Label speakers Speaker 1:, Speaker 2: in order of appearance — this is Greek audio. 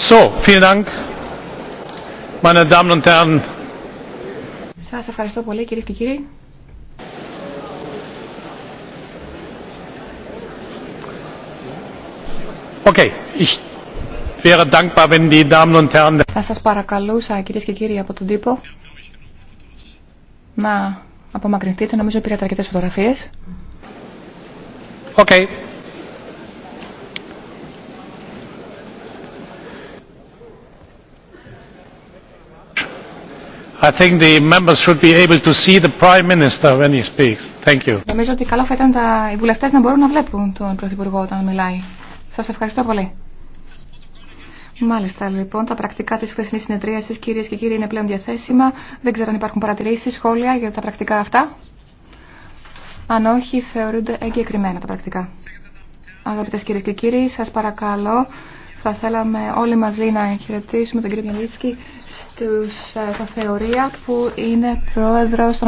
Speaker 1: So, vielen Dank, meine Damen und Herren.
Speaker 2: Σας ευχαριστώ πολύ κύριε και κύριοι.
Speaker 3: Okay, ich wäre dankbar, wenn die Damen und Herren.
Speaker 4: Θα σας παρακαλούσα κυρίες και κύριοι από τον τύπο να απομακρυνθείτε. Νομίζω πήρατε αρκετές φωτογραφίες. Okay. Νομίζω ότι καλό θα ήταν οι βουλευτές να μπορούν να βλέπουν τον Πρωθυπουργό όταν μιλάει. Σας ευχαριστώ πολύ. Μάλιστα, λοιπόν, τα πρακτικά της χθεσινή συνεδρίασης, κύριε και κύριοι, είναι πλέον διαθέσιμα. Δεν ξέρω αν υπάρχουν παρατηρήσει, σχόλια για τα πρακτικά αυτά. Αν όχι, θεωρούνται εγκεκριμένα τα πρακτικά. Αγαπητές κυρίες και κύριοι, σα παρακαλώ θα θέλαμε όλοι μαζί να χαιρετήσουμε τον κύριο Μιαλίτσκι στους, στα ε, θεωρία που είναι πρόεδρος των